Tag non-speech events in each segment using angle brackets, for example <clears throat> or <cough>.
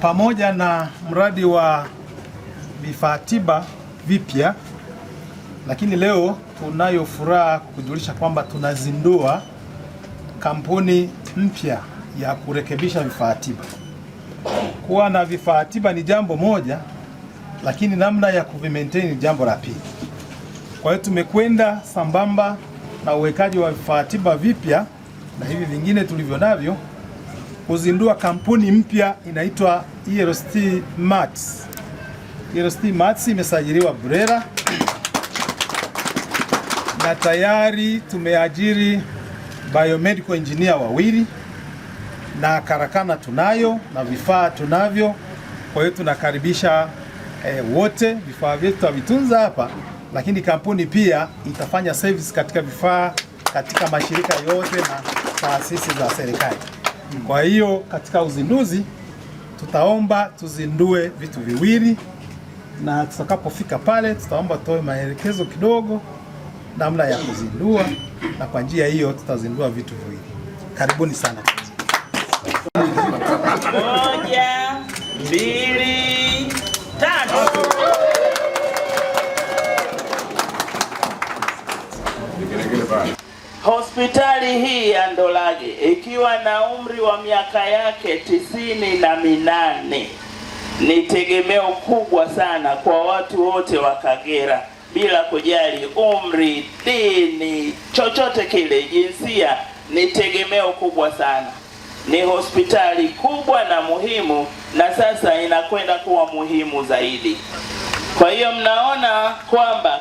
pamoja na mradi wa vifaa tiba vipya, lakini leo tunayo furaha kujulisha kwamba tunazindua kampuni mpya ya kurekebisha vifaa tiba. Kuwa na vifaa tiba ni jambo moja, lakini namna ya kuvimaintain ni jambo la pili. Kwa hiyo tumekwenda sambamba na uwekaji wa vifaa tiba vipya na hivi vingine tulivyo navyo kuzindua kampuni mpya inaitwa ELST Mats. E ELST Mats imesajiliwa burera na tayari tumeajiri biomedical engineer wawili na karakana tunayo na vifaa tunavyo. Kwa hiyo tunakaribisha eh, wote. Vifaa vyetu tutavitunza hapa, lakini kampuni pia itafanya service katika vifaa katika mashirika yote na taasisi za serikali. Kwa hiyo katika uzinduzi tutaomba tuzindue vitu viwili, na tutakapofika pale tutaomba tutoe maelekezo kidogo namna ya kuzindua, na kwa njia hiyo tutazindua vitu viwili. Karibuni sana. Moja, mbili hii ya Ndolage ikiwa na umri wa miaka yake tisini na minane ni tegemeo kubwa sana kwa watu wote wa Kagera bila kujali umri, dini, chochote kile, jinsia. Ni tegemeo kubwa sana, ni hospitali kubwa na muhimu, na sasa inakwenda kuwa muhimu zaidi. Kwa hiyo mnaona kwamba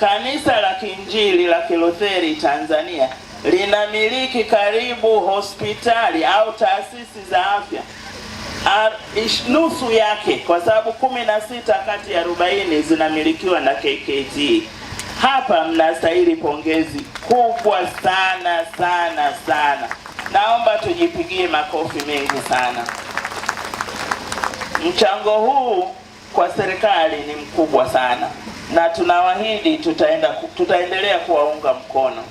kanisa la Kiinjili la Kilutheri Tanzania linamiliki karibu hospitali au taasisi za afya nusu yake, kwa sababu kumi na sita kati ya arobaini zinamilikiwa na KKT. Hapa mnastahili pongezi kubwa sana sana sana, naomba tujipigie makofi mengi sana. Mchango huu kwa serikali ni mkubwa sana, na tunawaahidi tutaenda tutaendelea kuwaunga mkono.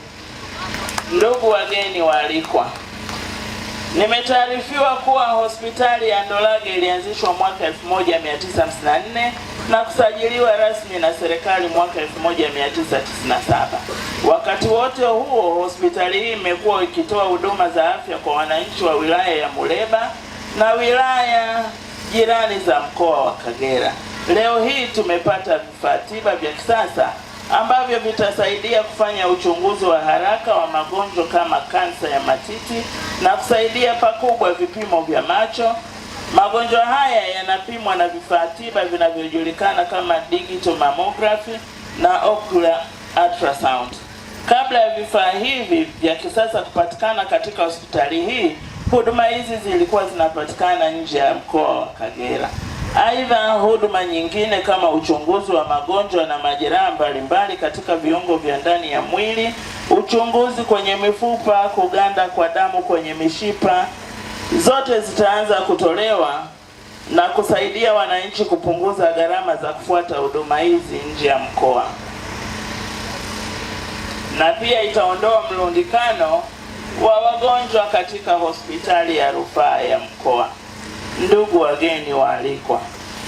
Ndugu wageni waalikwa, nimetaarifiwa kuwa hospitali ya Ndolage ilianzishwa mwaka 1954 na kusajiliwa rasmi na serikali mwaka 1997. Wakati wote huo, hospitali hii imekuwa ikitoa huduma za afya kwa wananchi wa wilaya ya Muleba na wilaya jirani za mkoa wa Kagera. Leo hii tumepata vifaa tiba vya kisasa ambavyo vitasaidia kufanya uchunguzi wa haraka wa magonjwa kama kansa ya matiti na kusaidia pakubwa vipimo vya macho. Magonjwa haya yanapimwa na vifaa tiba vinavyojulikana kama digital mammography na ocular ultrasound. Kabla ya vifaa hivi vya kisasa kupatikana katika hospitali hii, huduma hizi zilikuwa zinapatikana nje ya mkoa wa Kagera. Aidha, huduma nyingine kama uchunguzi wa magonjwa na majeraha mbalimbali katika viungo vya ndani ya mwili, uchunguzi kwenye mifupa, kuganda kwa damu kwenye mishipa, zote zitaanza kutolewa na kusaidia wananchi kupunguza gharama za kufuata huduma hizi nje ya mkoa, na pia itaondoa mlundikano wa wagonjwa katika hospitali ya rufaa ya mkoa. Ndugu wageni waalikwa,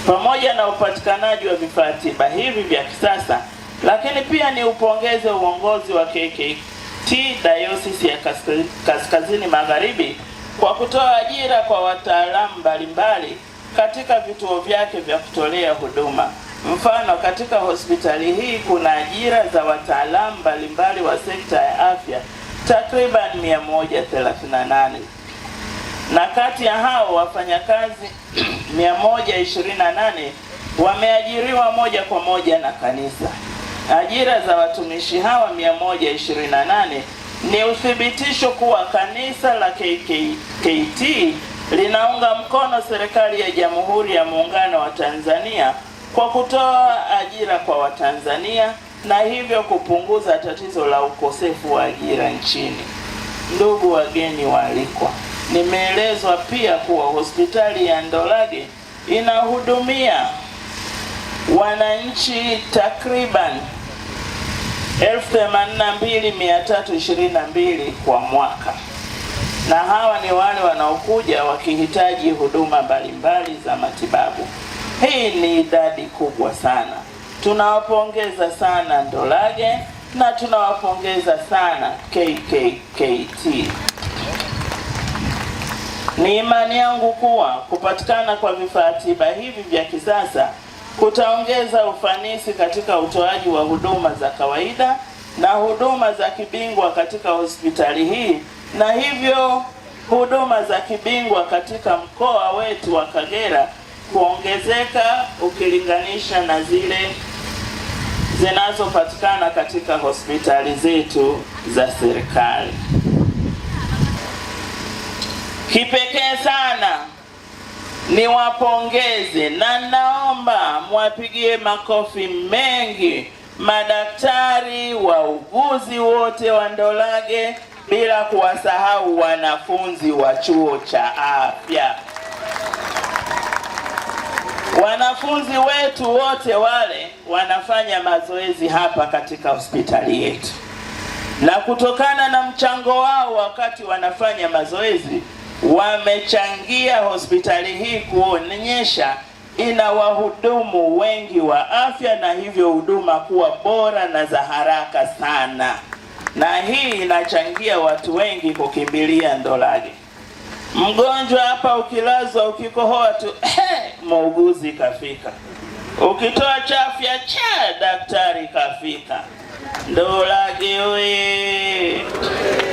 pamoja na upatikanaji wa vifaa tiba hivi vya kisasa, lakini pia ni upongeze uongozi wa KKKT Dayosisi ya Kaskazini Magharibi kwa kutoa ajira kwa wataalamu mbalimbali katika vituo vyake vya kutolea huduma. Mfano, katika hospitali hii kuna ajira za wataalamu mbalimbali wa sekta ya afya takriban 138 na kati ya hao wafanyakazi 128 <clears throat> wameajiriwa moja kwa moja na kanisa. Ajira za watumishi hawa 128 ni uthibitisho kuwa kanisa la KKKT linaunga mkono serikali ya Jamhuri ya Muungano wa Tanzania kwa kutoa ajira kwa Watanzania na hivyo kupunguza tatizo la ukosefu wa ajira nchini. Ndugu wageni waalikwa Nimeelezwa pia kuwa hospitali ya Ndolage inahudumia wananchi takriban 82322 kwa mwaka, na hawa ni wale wanaokuja wakihitaji huduma mbalimbali za matibabu. Hii ni idadi kubwa sana. Tunawapongeza sana Ndolage na tunawapongeza sana KKKT. Ni imani yangu kuwa kupatikana kwa vifaa tiba hivi vya kisasa kutaongeza ufanisi katika utoaji wa huduma za kawaida na huduma za kibingwa katika hospitali hii na hivyo huduma za kibingwa katika mkoa wetu wa Kagera kuongezeka ukilinganisha na zile zinazopatikana katika hospitali zetu za serikali. Kipekee sana niwapongeze na naomba mwapigie makofi mengi madaktari, wauguzi wote wa Ndolage bila kuwasahau wanafunzi wa chuo cha afya. Wanafunzi wetu wote wale wanafanya mazoezi hapa katika hospitali yetu, na kutokana na mchango wao wakati wanafanya mazoezi wamechangia hospitali hii kuonyesha ina wahudumu wengi wa afya na hivyo huduma kuwa bora na za haraka sana, na hii inachangia watu wengi kukimbilia Ndolage. Mgonjwa hapa ukilazwa, ukikohoa tu hey, eh, muuguzi kafika, ukitoa chafya cha daktari kafika. Ndolage oye!